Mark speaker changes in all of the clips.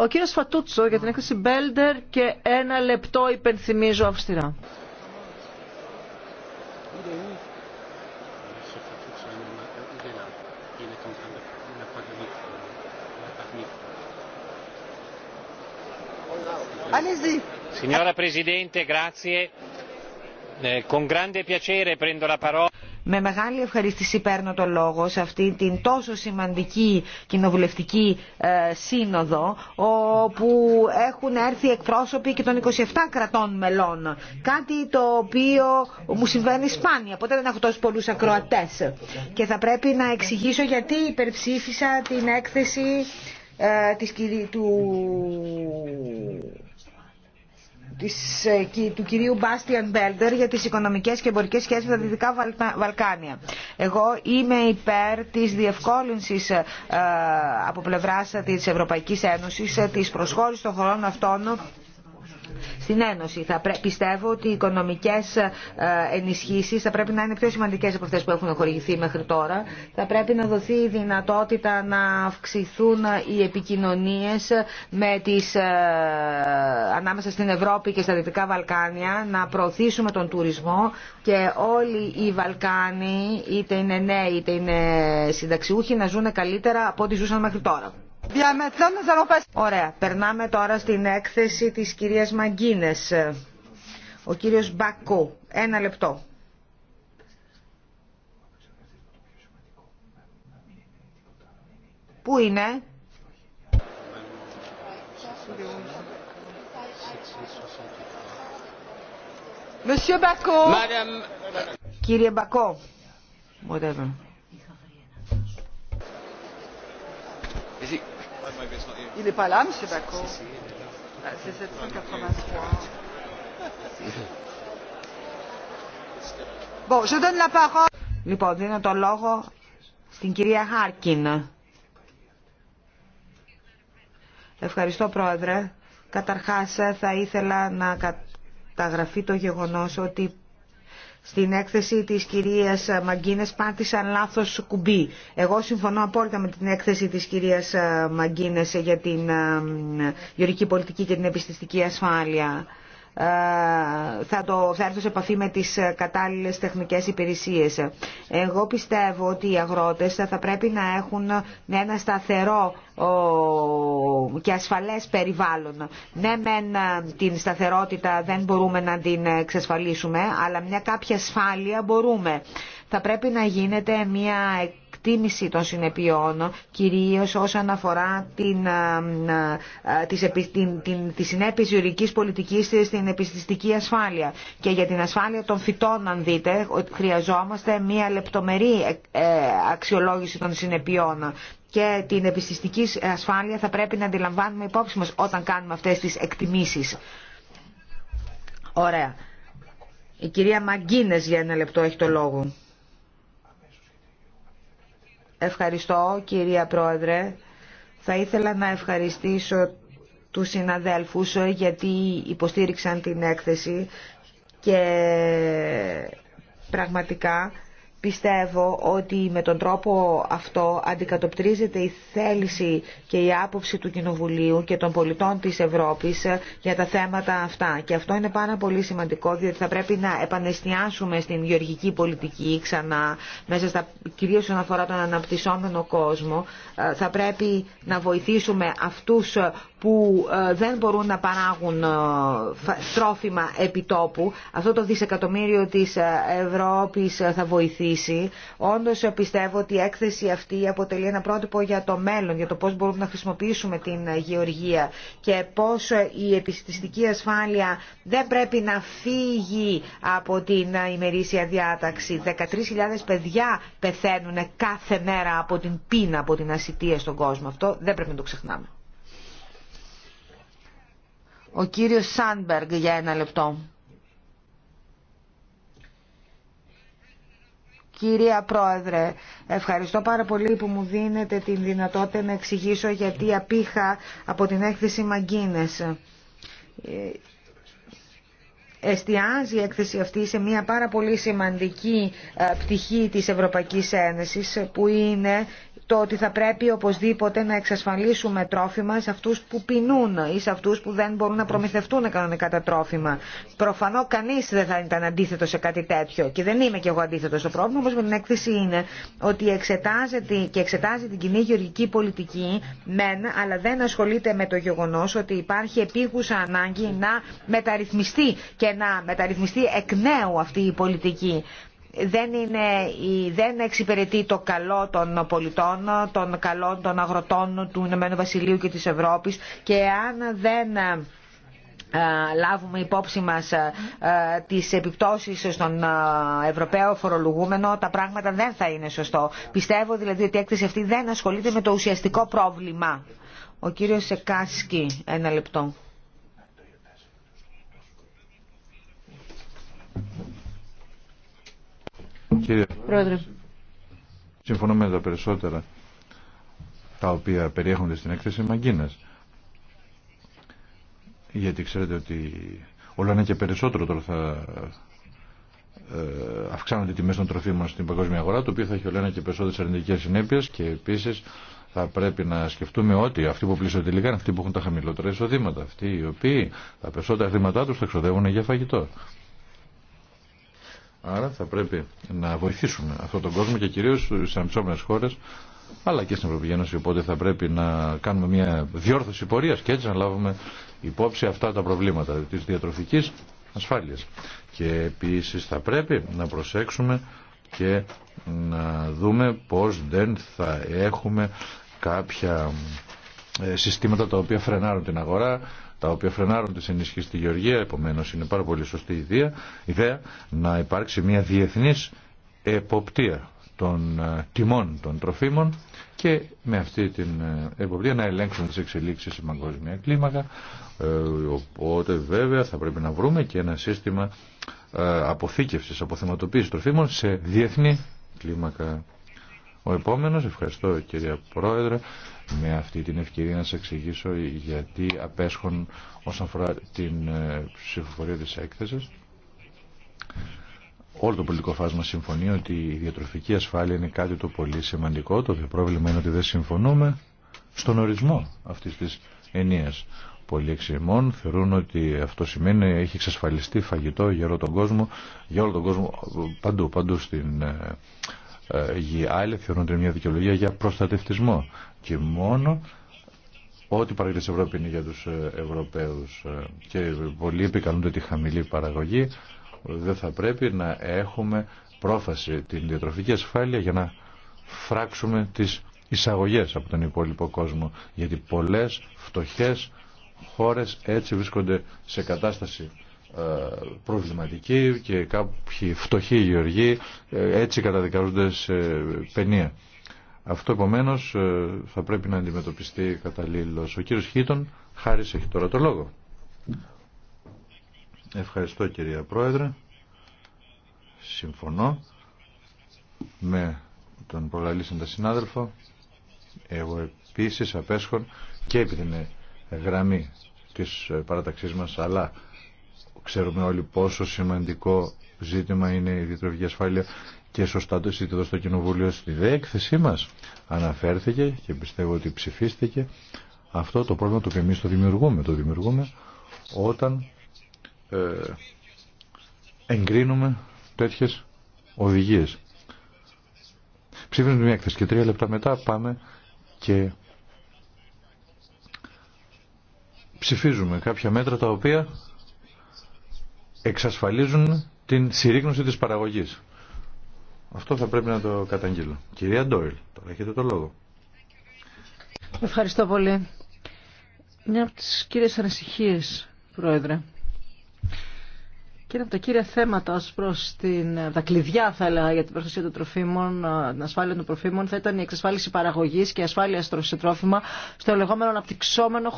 Speaker 1: Ο κύριο Φατούτσο για την έκθεση Μπέλντερ και ένα λεπτό υπενθυμίζω αυστηρά.
Speaker 2: Signora Presidente, grazie. Eh, Con grande piacere prendo la parola. Με μεγάλη ευχαρίστηση παίρνω το λόγο σε αυτή την τόσο σημαντική κοινοβουλευτική ε, σύνοδο όπου έχουν έρθει εκπρόσωποι και των 27 κρατών μελών. Κάτι το οποίο μου συμβαίνει σπάνια. Ποτέ δεν έχω τόσους πολλούς ακροατές. Και θα πρέπει να εξηγήσω γιατί υπερψήφισα την έκθεση ε, της, του της, ε, του κυρίου Μπάστιαν Μπέλτερ για τις οικονομικές και εμπορικές σχέσεις με τα Δυτικά Βαλκάνια. Εγώ είμαι υπέρ της διευκόλυνσης ε, από πλευράς της Ευρωπαϊκής Ένωσης ε, της προσχώρησης των χωρών αυτών στην Ένωση. Θα Πιστεύω ότι οι οικονομικές ε, ενισχύσεις θα πρέπει να είναι πιο σημαντικές από αυτέ που έχουν χορηγηθεί μέχρι τώρα. Θα πρέπει να δοθεί η δυνατότητα να αυξηθούν οι επικοινωνίε με τις, ε, ανάμεσα στην Ευρώπη και στα Δυτικά Βαλκάνια, να προωθήσουμε τον τουρισμό και όλοι οι Βαλκάνοι, είτε είναι νέοι είτε είναι συνταξιούχοι, να ζουν καλύτερα από ό,τι ζούσαν μέχρι τώρα. Ωραία, περνάμε τώρα στην έκθεση της κυρίας Μαγκίνες. Ο κύριος Μπακού, ένα λεπτό. Πού είναι? Κύριε Μπακό. Whatever.
Speaker 3: Il n'est pas là, M. Bacot. Ah, ah, c'est 783. Ah,
Speaker 2: bon, je donne la parole. Λοιπόν, δίνω το λόγο στην κυρία Χάρκιν. Ευχαριστώ, Πρόεδρε. Καταρχάς, θα ήθελα να καταγραφεί το γεγονός ότι στην έκθεση της κυρίας Μαγκίνες πάτησαν λάθος κουμπί. Εγώ συμφωνώ απόλυτα με την έκθεση της κυρίας ε, Μαγκίνες για την ε, γεωρική πολιτική και την επιστηστική ασφάλεια. Ε, θα, το, έρθω σε επαφή με τις ε, κατάλληλες τεχνικές υπηρεσίες. Εγώ πιστεύω ότι οι αγρότες θα πρέπει να έχουν ένα σταθερό και ασφαλές περιβάλλον. Ναι μεν ε, την σταθερότητα δεν μπορούμε να την εξασφαλίσουμε, αλλά μια κάποια ασφάλεια μπορούμε. Θα πρέπει να γίνεται μια εκτίμηση των συνεπειών, κυρίως όσον αφορά την, ε, ε, την, την, τη συνέπεια πολιτικής στην επιστηστική ασφάλεια. Και για την ασφάλεια των φυτών, αν δείτε, χρειαζόμαστε μια λεπτομερή ε, αξιολόγηση των συνεπειών και την επιστηστική ασφάλεια θα πρέπει να αντιλαμβάνουμε υπόψη μας όταν κάνουμε αυτές τις εκτιμήσεις. Ωραία. Η κυρία Μαγκίνες για ένα λεπτό έχει το λόγο. Ευχαριστώ κυρία Πρόεδρε. Θα ήθελα να ευχαριστήσω τους συναδέλφους ε, γιατί υποστήριξαν την έκθεση και πραγματικά Πιστεύω ότι με τον τρόπο αυτό αντικατοπτρίζεται η θέληση και η άποψη του Κοινοβουλίου και των πολιτών της Ευρώπης ε, για τα θέματα αυτά. Και αυτό είναι πάρα πολύ σημαντικό διότι θα πρέπει να επανεστιάσουμε στην γεωργική πολιτική ξανά, μέσα στα, κυρίως όσον αφορά τον αναπτυσσόμενο κόσμο. Ε, θα πρέπει να βοηθήσουμε αυτούς ε, που δεν μπορούν να παράγουν τρόφιμα επιτόπου. Αυτό το δισεκατομμύριο της Ευρώπης θα βοηθήσει Όντω Όντως πιστεύω ότι η έκθεση αυτή αποτελεί ένα πρότυπο για το μέλλον, για το πώς μπορούμε να χρησιμοποιήσουμε την γεωργία και πώ η επιστημιστική ασφάλεια δεν πρέπει να φύγει από την ημερήσια διάταξη. 13.000 παιδιά πεθαίνουν κάθε μέρα από την πείνα, από την ασυτεία στον κόσμο. Αυτό δεν πρέπει να το ξεχνάμε. Ο κύριος Σάνμπεργκ για ένα λεπτό. Κυρία Πρόεδρε, ευχαριστώ πάρα πολύ που μου δίνετε την δυνατότητα να εξηγήσω γιατί απήχα από την έκθεση Μαγκίνες. Ε, εστιάζει η έκθεση αυτή σε μια πάρα πολύ σημαντική ε, πτυχή της Ευρωπαϊκής Ένωσης που είναι το ότι θα πρέπει οπωσδήποτε να εξασφαλίσουμε τρόφιμα σε αυτούς που πεινούν ή σε αυτούς που δεν μπορούν να προμηθευτούν κανονικά τα τρόφιμα. Προφανώ κανείς δεν θα ήταν αντίθετο σε κάτι τέτοιο και δεν είμαι κι εγώ αντίθετο στο πρόβλημα, όμως με την έκθεση είναι ότι εξετάζεται και εξετάζει την κοινή γεωργική πολιτική μεν, αλλά δεν ασχολείται με το γεγονός ότι υπάρχει επίγουσα ανάγκη να μεταρρυθμιστεί και να μεταρρυθμιστεί εκ νέου αυτή η πολιτική δεν, είναι, δεν εξυπηρετεί το καλό των πολιτών, των καλών των αγροτών του Ηνωμένου Βασιλείου και της Ευρώπης και αν δεν ε, ε, λάβουμε υπόψη μας ε, τις επιπτώσεις στον Ευρωπαίο φορολογούμενο, τα πράγματα δεν θα είναι σωστό. Πιστεύω δηλαδή ότι η έκθεση αυτή δεν ασχολείται με το ουσιαστικό πρόβλημα. Ο κύριος Σεκάσκι, ένα λεπτό. Κύριε Πρόεδρε.
Speaker 3: Συμφωνώ με τα περισσότερα τα οποία περιέχονται στην έκθεση Μαγκίνας. Γιατί ξέρετε ότι όλο ένα και περισσότερο τώρα θα ε, αυξάνονται οι τιμές των τροφίμων στην παγκόσμια αγορά, το οποίο θα έχει όλο ένα και περισσότερες αρνητικές συνέπειες και επίσης θα πρέπει να σκεφτούμε ότι αυτοί που πλήσονται τελικά είναι αυτοί που έχουν τα χαμηλότερα εισοδήματα, αυτοί οι οποίοι τα περισσότερα χρήματά τους θα εξοδεύουν για φαγητό. Άρα θα πρέπει να βοηθήσουμε αυτόν τον κόσμο και κυρίως στις ανεψόμενε χώρες αλλά και στην Ευρωπαϊκή Ένωση. Οπότε θα πρέπει να κάνουμε μια διόρθωση πορείας και έτσι να λάβουμε υπόψη αυτά τα προβλήματα της διατροφικής ασφάλειας. Και επίσης θα πρέπει να προσέξουμε και να δούμε πώς δεν θα έχουμε κάποια ε, συστήματα τα οποία φρενάρουν την αγορά τα οποία φρενάρουν τις ενισχύσει στη Γεωργία. Επομένως είναι πάρα πολύ σωστή ιδέα, ιδέα να υπάρξει μια διεθνής εποπτεία των ε, τιμών των τροφίμων και με αυτή την ε, εποπτεία να ελέγξουν τις εξελίξεις σε παγκόσμια κλίμακα. Ε, οπότε βέβαια θα πρέπει να βρούμε και ένα σύστημα αποθήκευσης, αποθεματοποίησης τροφίμων σε διεθνή κλίμακα. Ο επόμενος, ευχαριστώ κυρία Πρόεδρε, με αυτή την ευκαιρία να σας εξηγήσω γιατί απέσχον όσον αφορά την ε, ψηφοφορία της έκθεσης. Όλο το πολιτικό φάσμα συμφωνεί ότι η διατροφική ασφάλεια είναι κάτι το πολύ σημαντικό. Το πρόβλημα είναι ότι δεν συμφωνούμε στον ορισμό αυτής της ενίας. Πολλοί εξημών θεωρούν ότι αυτό σημαίνει έχει εξασφαλιστεί φαγητό για όλο τον κόσμο, για όλο τον κόσμο παντού, παντού στην ε, ε, οι Άλλοι θεωρούνται μια δικαιολογία για προστατευτισμό. Και μόνο ό,τι παράγεται στην Ευρώπη είναι για τους ε, Ευρωπαίους ε, και πολλοί επικαλούνται τη χαμηλή παραγωγή δεν θα πρέπει να έχουμε πρόφαση την διατροφική ασφάλεια για να φράξουμε τις εισαγωγές από τον υπόλοιπο κόσμο γιατί πολλές φτωχές χώρες έτσι βρίσκονται σε κατάσταση ε, προβληματική και κάποιοι φτωχοί γεωργοί ε, έτσι καταδικαζούνται σε παινία. Αυτό επομένω ε, θα πρέπει να αντιμετωπιστεί καταλήλω. Ο κύριο Χίτον χάρη έχει τώρα το λόγο. Ευχαριστώ κυρία Πρόεδρε. Συμφωνώ με τον προλαλήσαντα συνάδελφο. Εγώ επίσης απέσχον και επί την γραμμή της παραταξής μας αλλά Ξέρουμε όλοι πόσο σημαντικό ζήτημα είναι η διτροφική ασφάλεια και σωστά το εδώ στο Κοινοβούλιο στη δε έκθεσή αναφέρθηκε και πιστεύω ότι ψηφίστηκε αυτό το πρόβλημα το οποίο εμείς το δημιουργούμε. Το δημιουργούμε όταν ε, εγκρίνουμε τέτοιες οδηγίες. Ψήφιζουμε μια έκθεση και τρία λεπτά μετά πάμε και ψηφίζουμε κάποια μέτρα τα οποία εξασφαλίζουν την συρρήγνωση της παραγωγής. Αυτό θα πρέπει να το καταγγείλω. Κυρία Ντόιλ, τώρα έχετε το λόγο.
Speaker 1: Ευχαριστώ πολύ. Μια από τις κύριες ανησυχίες, Πρόεδρε, και ένα από τα κύρια θέματα ω προς την, τα κλειδιά θα έλεγα για την προστασία των τροφίμων, ε, την ασφάλεια των τροφίμων θα ήταν η εξασφάλιση παραγωγή και ασφάλεια σε τρόφιμα στο λεγόμενο αναπτυξόμενο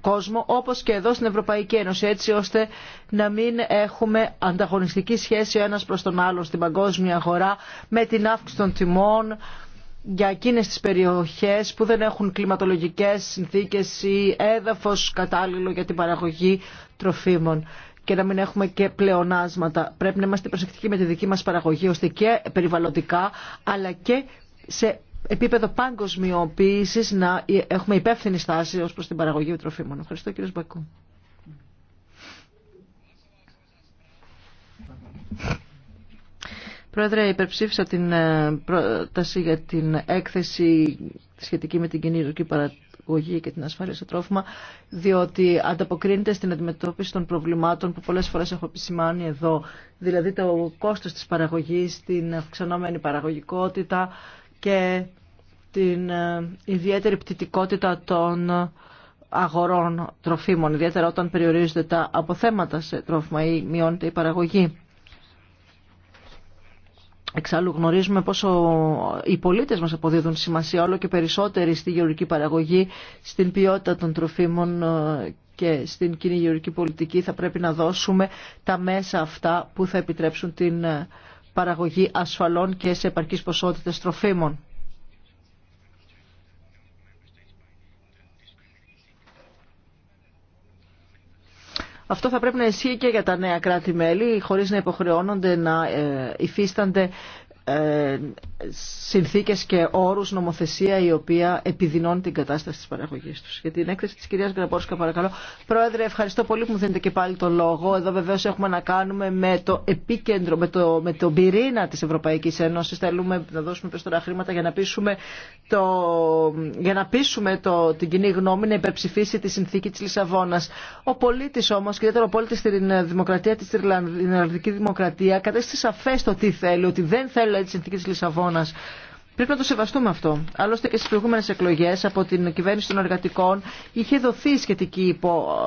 Speaker 1: κόσμο όπω και εδώ στην Ευρωπαϊκή Ένωση έτσι ώστε να μην έχουμε ανταγωνιστική σχέση ο ένας προς τον άλλο στην παγκόσμια αγορά με την αύξηση των τιμών για εκείνε τι περιοχέ που δεν έχουν κλιματολογικέ συνθήκε, ή έδαφο κατάλληλο για την παραγωγή τροφίμων και να μην έχουμε και πλεονάσματα. Πρέπει να είμαστε προσεκτικοί με τη δική μας παραγωγή ώστε και περιβαλλοντικά αλλά και σε επίπεδο παγκοσμιοποίησης να έχουμε υπεύθυνη στάση ως προς την παραγωγή τροφίμων. Ευχαριστώ κύριε Μπακού. Πρόεδρε, υπερψήφισα την ε, πρόταση για την έκθεση σχετική με την κοινή αγωγή και την ασφάλεια στο τρόφιμα, διότι ανταποκρίνεται στην αντιμετώπιση των προβλημάτων που πολλές φορές έχω επισημάνει εδώ, δηλαδή το κόστος της παραγωγής, την αυξανόμενη παραγωγικότητα και την ε, ιδιαίτερη πτυτικότητα των αγορών τροφίμων, ιδιαίτερα όταν περιορίζονται τα αποθέματα σε τρόφιμα ή μειώνεται η παραγωγή. Εξάλλου γνωρίζουμε πόσο οι πολίτες μας αποδίδουν σημασία όλο και περισσότερη στη γεωργική παραγωγή, στην ποιότητα των τροφίμων ε, και στην κοινή γεωργική πολιτική θα πρέπει να δώσουμε τα μέσα αυτά που θα επιτρέψουν την ε, παραγωγή ασφαλών και σε επαρκείς ποσότητες τροφίμων. Αυτό θα πρέπει να ισχύει και για τα νέα κράτη-μέλη, χωρίς να υποχρεώνονται να ε, υφίστανται ε, συνθήκες και όρους νομοθεσία η οποία επιδεινώνει την κατάσταση της παραγωγής τους. Για την έκθεση της κυρίας Γκραμπόρσκα παρακαλώ. Πρόεδρε ευχαριστώ πολύ που μου δίνετε και πάλι το λόγο. Εδώ βεβαίως έχουμε να κάνουμε με το επίκεντρο, με, το, με το πυρήνα της Ευρωπαϊκής Ένωσης. Θέλουμε να δώσουμε περισσότερα χρήματα για να πείσουμε, το, για να πείσουμε το, την κοινή γνώμη να υπερψηφίσει τη συνθήκη της Λισαβόνας. Ο πολίτης όμως, ιδιαίτερα ο πολιτή στην δημοκρατία της Ιρλανδική Δημοκρατία, κατέστησε σαφές το τι θέλει, ότι δεν θέλει δηλαδή τη συνθήκη τη Λισαβόνα. Πρέπει να το σεβαστούμε αυτό. Άλλωστε και στι προηγούμενε εκλογέ από την κυβέρνηση των εργατικών είχε δοθεί σχετική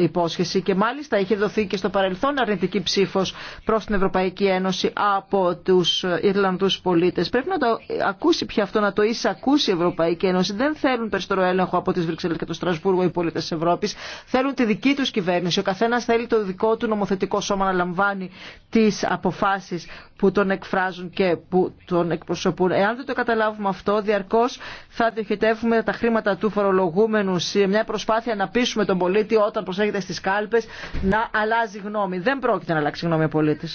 Speaker 1: υπόσχεση και μάλιστα είχε δοθεί και στο παρελθόν αρνητική ψήφο προ την Ευρωπαϊκή Ένωση από του Ιρλανδού πολίτε. Πρέπει να το ακούσει πια αυτό, να το εισακούσει η Ευρωπαϊκή Ένωση. Δεν θέλουν περισσότερο έλεγχο από τι Βρυξέλλε και το Στρασβούργο οι πολίτε τη Ευρώπη. Θέλουν τη δική του κυβέρνηση. Ο καθένα θέλει το δικό του νομοθετικό σώμα να λαμβάνει τι αποφάσει που τον εκφράζουν και που τον εκπροσωπούν. Εάν δεν το καταλάβουμε αυτό, διαρκώ θα διοχετεύουμε τα χρήματα του φορολογούμενου σε μια προσπάθεια να πείσουμε τον πολίτη όταν προσέχεται στι κάλπε να αλλάζει γνώμη. Δεν πρόκειται να αλλάξει γνώμη ο πολίτη.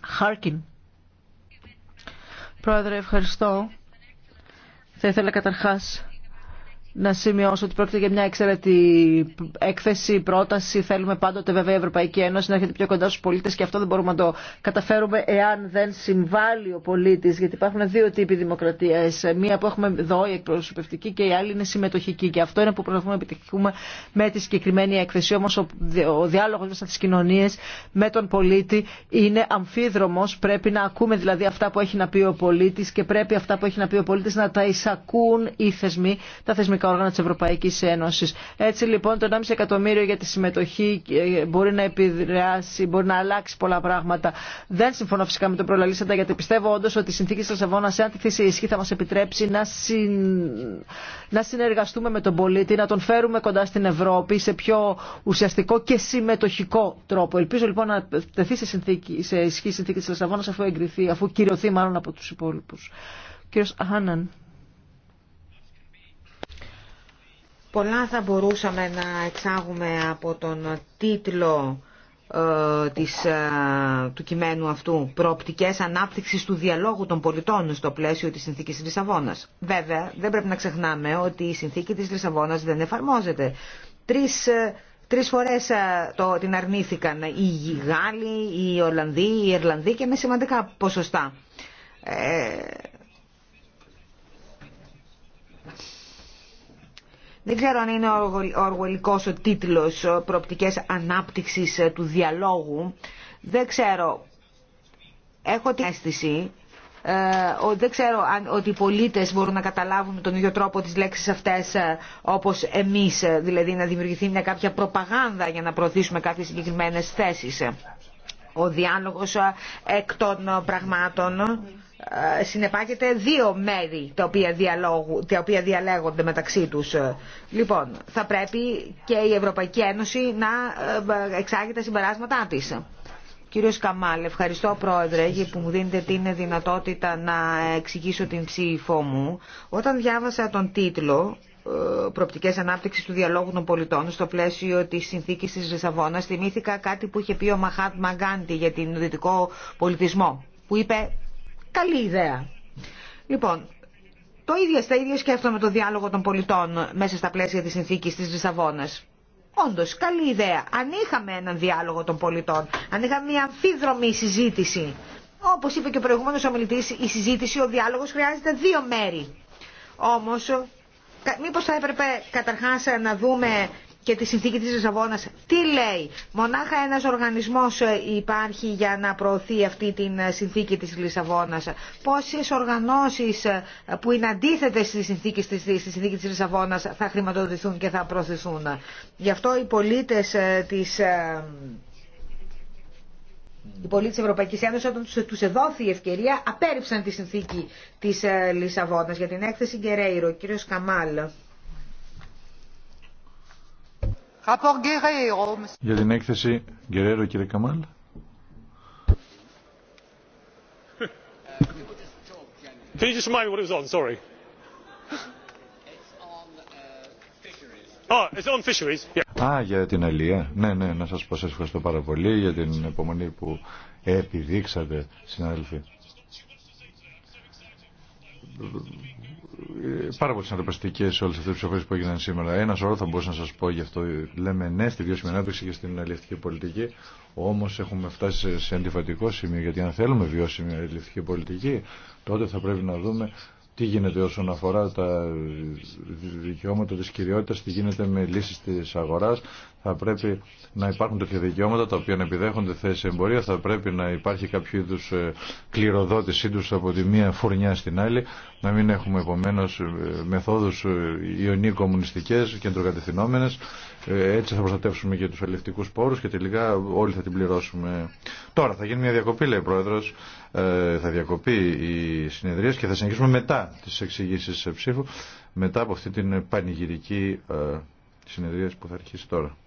Speaker 1: Χάρκιν. Πρόεδρε, ευχαριστώ. Θα ήθελα καταρχάς να σημειώσω ότι πρόκειται για μια εξαιρετική έκθεση, πρόταση. Θέλουμε πάντοτε βέβαια η Ευρωπαϊκή Ένωση να έρχεται πιο κοντά στου πολίτε και αυτό δεν μπορούμε να το καταφέρουμε εάν δεν συμβάλλει ο πολίτη. Γιατί υπάρχουν δύο τύποι δημοκρατία. Μία που έχουμε εδώ, η εκπροσωπευτική, και η άλλη είναι συμμετοχική. Και αυτό είναι που προσπαθούμε να επιτυχούμε με τη συγκεκριμένη έκθεση. Όμω ο διάλογο μέσα στι κοινωνίε με τον πολίτη είναι αμφίδρομο. Πρέπει να ακούμε δηλαδή αυτά που έχει να πει ο πολίτη και πρέπει αυτά που έχει να πει ο πολίτη να τα εισακούν οι θεσμοί, τα θεσμικά τα όργανα της Ευρωπαϊκής Ένωσης. Έτσι λοιπόν το 1,5 εκατομμύριο για τη συμμετοχή ε, μπορεί να επηρεάσει, μπορεί να αλλάξει πολλά πράγματα. Δεν συμφωνώ φυσικά με το προλαλήσαντα γιατί πιστεύω όντως ότι η συνθήκη της Λασαβόνα εάν τη θέση ισχύ θα μας επιτρέψει να, να συνεργαστούμε με τον πολίτη, να τον φέρουμε κοντά στην Ευρώπη σε πιο ουσιαστικό και συμμετοχικό τρόπο. Ελπίζω λοιπόν να τεθεί σε, συνθήκη, σε ισχύ η συνθήκη της Λισαβόνας αφού εγκριθεί, αφού κυρωθεί μάλλον από τους
Speaker 2: υπόλοιπου. Κύριος Αχάναν. Πολλά θα μπορούσαμε να εξάγουμε από τον τίτλο ε, της, ε, του κειμένου αυτού «Προοπτικές ανάπτυξης του διαλόγου των πολιτών στο πλαίσιο της συνθήκης της Λισαβόνας». Βέβαια, δεν πρέπει να ξεχνάμε ότι η συνθήκη της Λισαβόνας δεν εφαρμόζεται. Τρεις, ε, τρεις φορές ε, το, την αρνήθηκαν οι Γάλλοι, οι Ολλανδοί, οι Ιρλανδοί και με σημαντικά ποσοστά. Δεν ξέρω αν είναι ο οργολικός ο τίτλος «Προοπτικές ανάπτυξης ε, του διαλόγου». Δεν ξέρω. Έχω την αίσθηση ε, δεν ξέρω αν, ότι οι πολίτες μπορούν να καταλάβουν τον ίδιο τρόπο τις λέξεις αυτές ε, όπως εμείς, δηλαδή να δημιουργηθεί μια κάποια προπαγάνδα για να προωθήσουμε κάποιες συγκεκριμένες θέσεις. Ο διάλογος εκ των πραγμάτων ε, συνεπάγεται δύο μέρη τα οποία, διαλόγου, τα οποία διαλέγονται μεταξύ τους. Ε, λοιπόν, θα πρέπει και η Ευρωπαϊκή Ένωση να ε, εξάγει τα συμπεράσματά της. Κύριος Καμάλ, ευχαριστώ πρόεδρε που μου δίνετε την δυνατότητα να εξηγήσω την ψήφο μου. Όταν διάβασα τον τίτλο προοπτικές ανάπτυξη του διαλόγου των πολιτών στο πλαίσιο τη συνθήκη τη Λισαβόνα θυμήθηκα κάτι που είχε πει ο Μαχάτ Μαγκάντι για την δυτικό πολιτισμό που είπε καλή ιδέα. Λοιπόν, το ίδιο στα ίδια σκέφτομαι το διάλογο των πολιτών μέσα στα πλαίσια της συνθήκης της Λισαβόνας. Όντω, καλή ιδέα. Αν είχαμε έναν διάλογο των πολιτών, αν είχαμε μια αμφίδρομη συζήτηση. όπως είπε και ο προηγούμενος ομιλητή, η συζήτηση, ο διάλογος, χρειάζεται δύο μέρη. Όμω, μήπω θα έπρεπε καταρχάς να δούμε και τη συνθήκη της Λισαβόνας τι λέει. Μονάχα ένας οργανισμός ε, υπάρχει για να προωθεί αυτή τη ε, συνθήκη της Λισαβόνας. Πόσες οργανώσεις ε, που είναι αντίθετες στη συνθήκη, στη συνθήκη της Λισαβόνας θα χρηματοδοτηθούν και θα προωθηθούν. Γι' αυτό οι πολίτες της... Οι πολίτε τη Ευρωπαϊκή Ένωση, όταν του εδόθη η ευκαιρία, απέρριψαν τη συνθήκη τη Λισαβόνα για την έκθεση Γκερέιρο, κύριο Καμάλ.
Speaker 3: Για την έκθεση Γκερέρο, κύριε Καμάλ. Can you just remind me what it was on? Sorry. Uh, oh, it's on fisheries. Yeah. Α, για την αλία. Ναι, ναι, να σας πω σας ευχαριστώ πάρα πολύ για την υπομονή που επιδείξατε, συνάδελφοι πάρα πολύ συναντοπαστικέ όλε αυτέ τι ψηφοφορίε που έγιναν σήμερα. Ένα ώρα θα μπορούσα να σα πω γι' αυτό. Λέμε ναι στη βιώσιμη ανάπτυξη και στην αλληλευτική πολιτική. Όμω έχουμε φτάσει σε αντιφατικό σημείο. Γιατί αν θέλουμε βιώσιμη αλληλευτική πολιτική, τότε θα πρέπει να δούμε τι γίνεται όσον αφορά τα δικαιώματα τη κυριότητα, τι γίνεται με λύσει τη αγορά θα πρέπει να υπάρχουν τέτοια δικαιώματα τα οποία να επιδέχονται θέσει εμπορία, θα πρέπει να υπάρχει κάποιο είδου ε, κληροδότησή του από τη μία φουρνιά στην άλλη, να μην έχουμε επομένω ε, μεθόδου ε, ιονί κομμουνιστικέ, κεντροκατευθυνόμενε. Έτσι θα προστατεύσουμε και του αλληλευτικού πόρου και τελικά όλοι θα την πληρώσουμε. Τώρα θα γίνει μια διακοπή, λέει ο Πρόεδρο. θα διακοπεί η συνεδρία και θα συνεχίσουμε μετά τι εξηγήσει ψήφου, μετά από αυτή την πανηγυρική συνεδρία που θα αρχίσει τώρα.